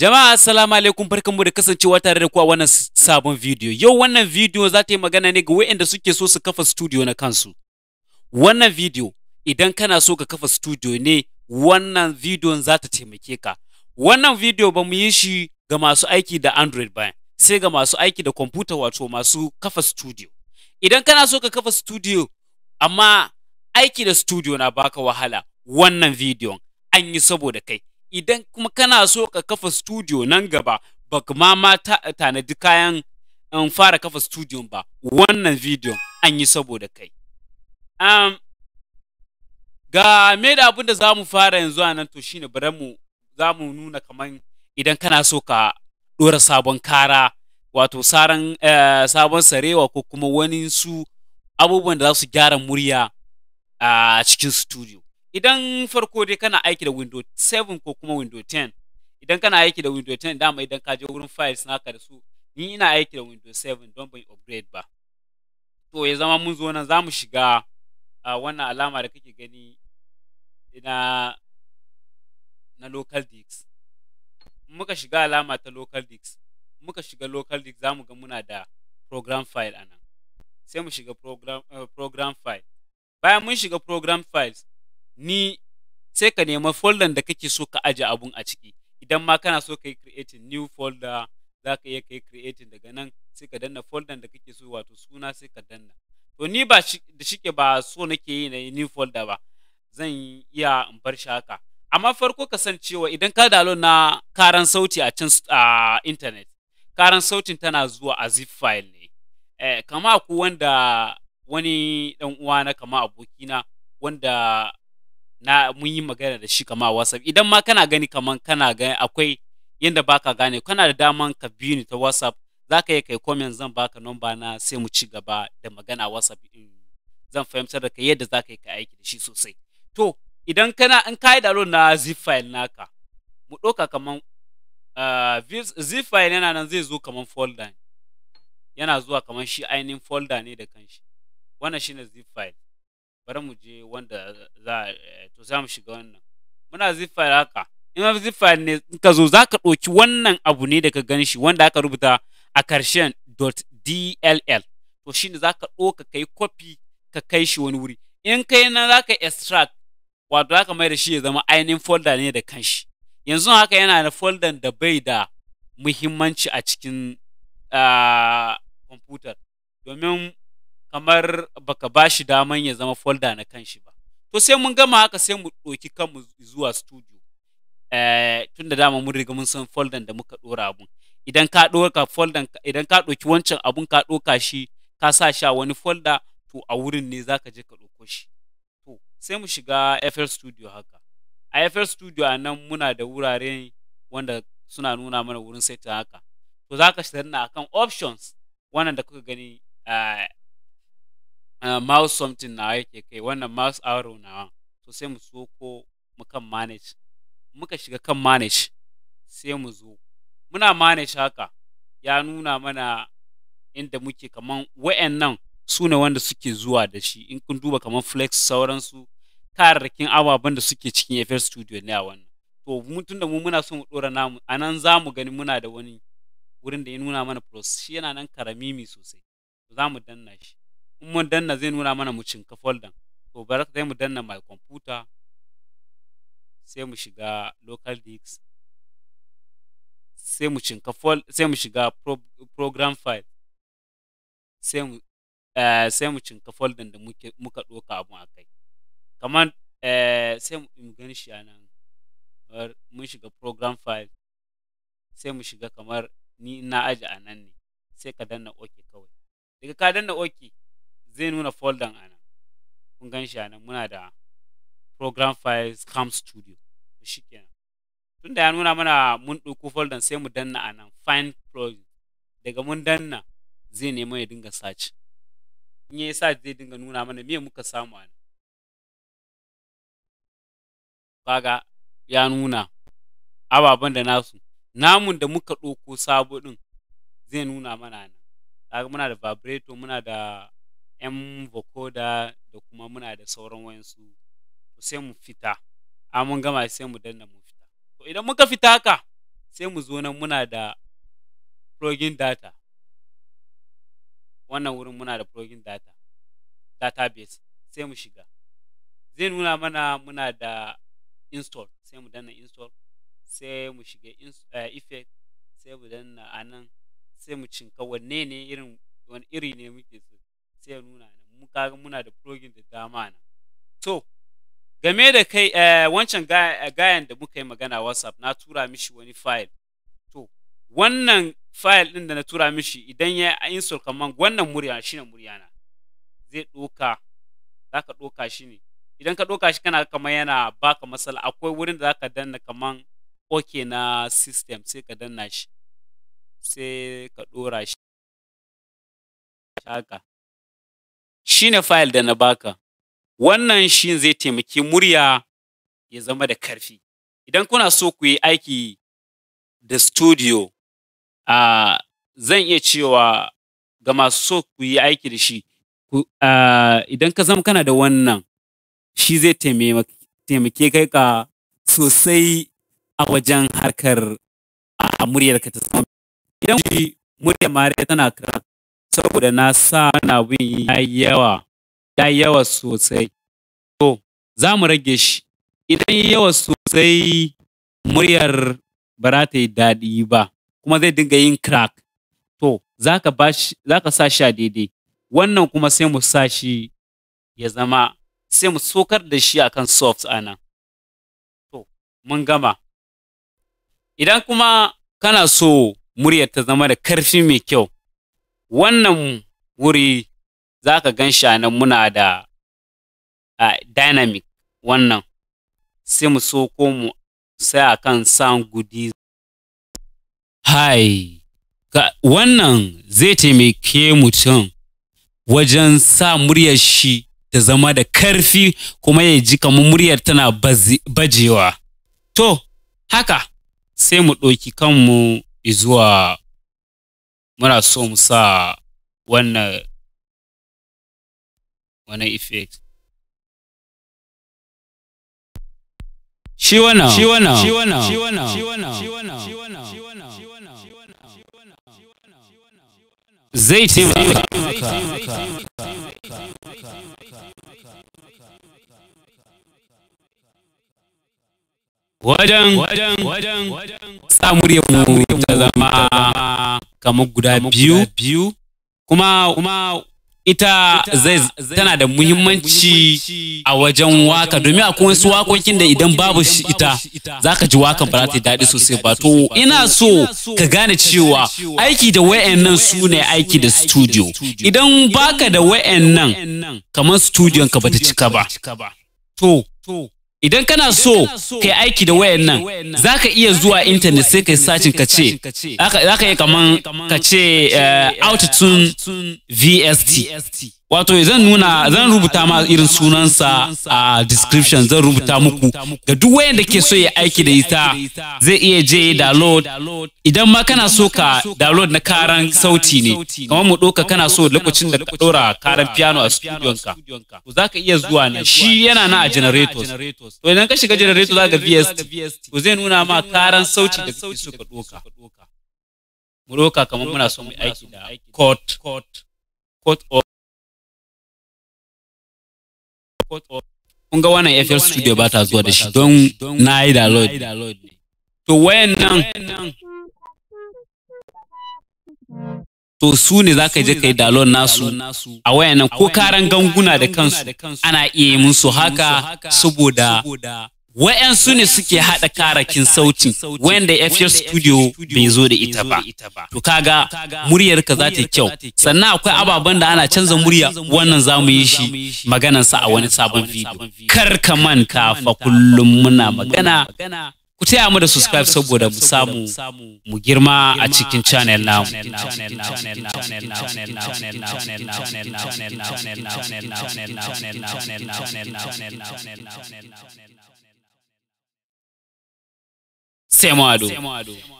Jama'a assalamu alaikum barkanmu da kasancewa tare da ku a wannan sabon bidiyo. Yau wannan video za ta yi magana ne ga wayanda suke so su kafa studio na kansu. Wannan bidiyo idan kana so ka kafa studio ne wannan bidiyon za ta taimake ka. Wannan bidiyo ba mu yi shi ga masu aiki da Android ba sai ga masu aiki da kwamfuta wato masu kafa studio. Idan kana so ka kafa studio amma aiki da studio na baka wahala wannan bidiyon an yi saboda kai. idan kuma kana so ka kafa studio nan gaba ba ma ma tanadi kayan in fara kafa studio ba wannan bidiyon an yi saboda kai um, ga mai da abin da za mu fara yanzu a nan to shine bari mu za mu nuna kamar idan kana so ka ɗora sabon kara wato saran eh, sabon sarewa ko kuma wani su abubuwan da za su gyara murya a cikin studio idan farko dai kana aiki da window 7 ko kuma window 10 idan kana aiki da window 10 dama idan ka je wurin files naka da su ni ina aiki da window 7 don ban upgrade ba to ya zama mun zo nan za mu shiga ah, wannan alama da kake gani na na local disk muka shiga alama ta local disk muka shiga local disk zamu ga muna da program file nan sai mu shiga program uh, program file bayan mun shiga program files ni sai ka nema foldan da kake so ka aje abun a ciki idan ma kana so ka yi creating new folder za ka iya ka yi creating daga nan sai ka danna folder da kake so wato suna sai ka danna to ni ba da shike ba so nake yi na new folder ba zan iya in bar shi haka amma farko ka cewa idan ka dalo na karan sauti a can a internet karan sautin tana zuwa a zip file ne eh, kama ku wanda wani dan uwana kama abokina wanda na mun yi magana da shi kama a whatsapp idan ma kana gani kaman kana gani akwai yadda baka gane kana da daman ka biyu ni ta whatsapp za ka yi kai comment zan baka number na sai mu ci gaba da magana whatsapp din zan fahimtar da kai yadda za ka yi ka aiki da shi sosai to idan kana in ka yi dalo na zip file naka mu ɗauka kaman ah, zip file yana nan zai zo kaman folder yana zuwa kaman shi ainihin folder ne da kanshi wannan shine zip file bari mu je wanda za eh, to za mu shiga wannan muna zifa haka in zifa ne in ka zo za ka ɗauki wannan abu ne da ka gan shi wanda aka rubuta a ƙarshen .dll to shine za ka ɗauka kai copy ka kai shi wani wuri in kai na za ka extract wato za ka mai da shi ya zama ainihin folder ne da kan shi yanzu haka yana da folder da bai da muhimmanci a cikin computer ah, domin kamar baka ba shi daman ya zama folda na kan shi ba to sai mun gama haka sai mu ɗoki kanmu zuwa studio eh, tun da dama mun riga mun san foldan da muka ɗora abun idan ka ɗora foldan idan ka ɗoki wancan abun ka ɗoka shi ka sa shi a wani folda to a wurin ne zaka je ka ɗoko shi to sai mu shiga FL Studio haka a FL Studio a nan muna da wurare wanda suna nuna mana wurin setting haka to zaka sanna akan options wannan da kuka gani eh, uh, mouse something na yake kai wannan mouse arrow na so sai mu so ko mu kan manage muka shiga kan manage sai mu zo muna manage haka ya nuna mana inda muke kaman wa'annan su ne wanda suke zuwa da shi in kun duba kaman flex sauransu kayarrakin ababen da suke cikin FL Studio ne a wannan to mun tunda mu muna so mu dora namu anan za mu gani muna da wani wurin da ya nuna mana plus shi yana nan karamimi sosai za mu danna shi in mun danna zai nuna mana mu cinka folder to bari sai mu danna my computer sai mu shiga local disk sai mu cinka sai mu shiga program file sai mu eh, sai mu cinka folder da muka doka abun akai kai kamar eh, sai mu gani shi anan mun shiga program file sai mu shiga kamar ni na aji anan ne sai ka danna ok kawai daga ka danna ok zai nuna folder a nan kun gan shi a nan muna da program file cam studio to shikenan tun da ya nuna mana mun ɗauko fold'an sai mu danna a nan find project daga mun danna zai nemo ya dinga search in ya search zai dinga nuna mana me muka samu a nan kaga ya nuna ababen da nasu namun da muka ɗauko sabo din zai nuna mana nan kaga muna da vibrator muna da 'yan vokoda da kuma muna da sauran wayansu sai mu fita a mun gama sai mu danna mu fita to idan muka fita haka sai mu zo nan muna da plugin data wannan wurin muna da plugin data database sai mu shiga zai nuna mana muna da install sai mu danna install sai mu shiga eh, effect sai mu danna anan sai mu cinka wanne ne irin wani iri ne muke so sai nuna nan mun kaga muna da plugin da dama nan to game da kai eh, wancan eh, gayan da muka yi magana WhatsApp na tura mishi wani file to wannan file din da na tura mishi idan ya insul kaman wannan murya shine murya na zai doka zaka doka shi ne idan ka doka shi kana kaman yana baka matsala akwai wurin da zaka danna kaman okay na system sai ka danna shi sai ka dora shi haka Shi ne fayil da na baka wannan shi zai taimaki murya ya zama da karfi idan kuna so ku yi aiki da studio zan iya cewa ga masu so ku yi aiki da shi idan ka zama kana da wannan shi zai taimake kai ka sosai a wajen harkar a muryarka ta zama idan muryar mare tana saboda na sa na bin ya yawa ya yawa sosai to za mu rage shi idan ya yawa sosai muryar ba za ta yi daɗi ba kuma zai dinga yin crack to za ka sa shi a daidai wannan kuma sai mu sa shi ya zama sai mu sokar da shi akan soft ana to mun gama idan kuma kana so muryar ta zama da karfi mai kyau wannan wuri za ka gan shi muna da a dynamic wannan sai mu so ko mu sai a kan sound gudi Hai, wannan zai taimake mutum wajen sa muryar shi ta zama da karfi kuma ya ji kamar muryar tana bajewa. To, haka sai mu ɗauki kanmu zuwa muna so mu sa wannan wannan effect shi wannan shi wannan shi wannan shi wannan shi wannan shi wannan shi wannan shi wannan shi wannan shi wannan shi wannan shi wannan zai taimaka wajen wajen wajen samu mu ta zama kamar guda biyu kuma ita tana da muhimmanci a wajen waka domin akwai wasu wakokin da idan babu shi ita za ka ji wakan ba za ta yi daɗi sosai ba to ina so ka gane cewa aiki da nan su ne aiki da studio idan baka da nan kamar studio ka bata cika ba to Idan kana so kai aiki da wayan nan, za ka iya zuwa intanet sai kai sacin ka ce, za ka iya kaman ka ce Autotune VST. wato zan nuna zan rubuta ma irin sunansa a description zan rubuta muku ga duk wayanda ke so ya aiki da ita zai iya je download idan ma kana so ka download na karan sauti ne kamar mu doka kana so lokacin da ka dora karan piano a studio ka to zaka iya zuwa ne shi yana na a generators to idan ka shiga generator zaka VST to zai nuna ma karan sauti da kake so ka doka mu doka kamar muna so mu aiki da court court court kun ga wannan FL Studio ba ta zuwa da shi don na yi download to wayan nan to su ne za ka je ka yi download nasu a wayan nan ko karan ganguna da kansu ana iya yi musu haka saboda Wa'yansu ne suke haɗa karakin sauti wanda FF Studio bai zo da ita ba. To kaga muryarka za ta kyau. Sannan akwai ababen da ana canza murya wannan za mu yi shi maganansa a wani sabon video. Kar ka manta fa kullum muna magana ku taya mu da subscribe saboda mu samu mu girma a cikin channel na Semaru. É Semaru.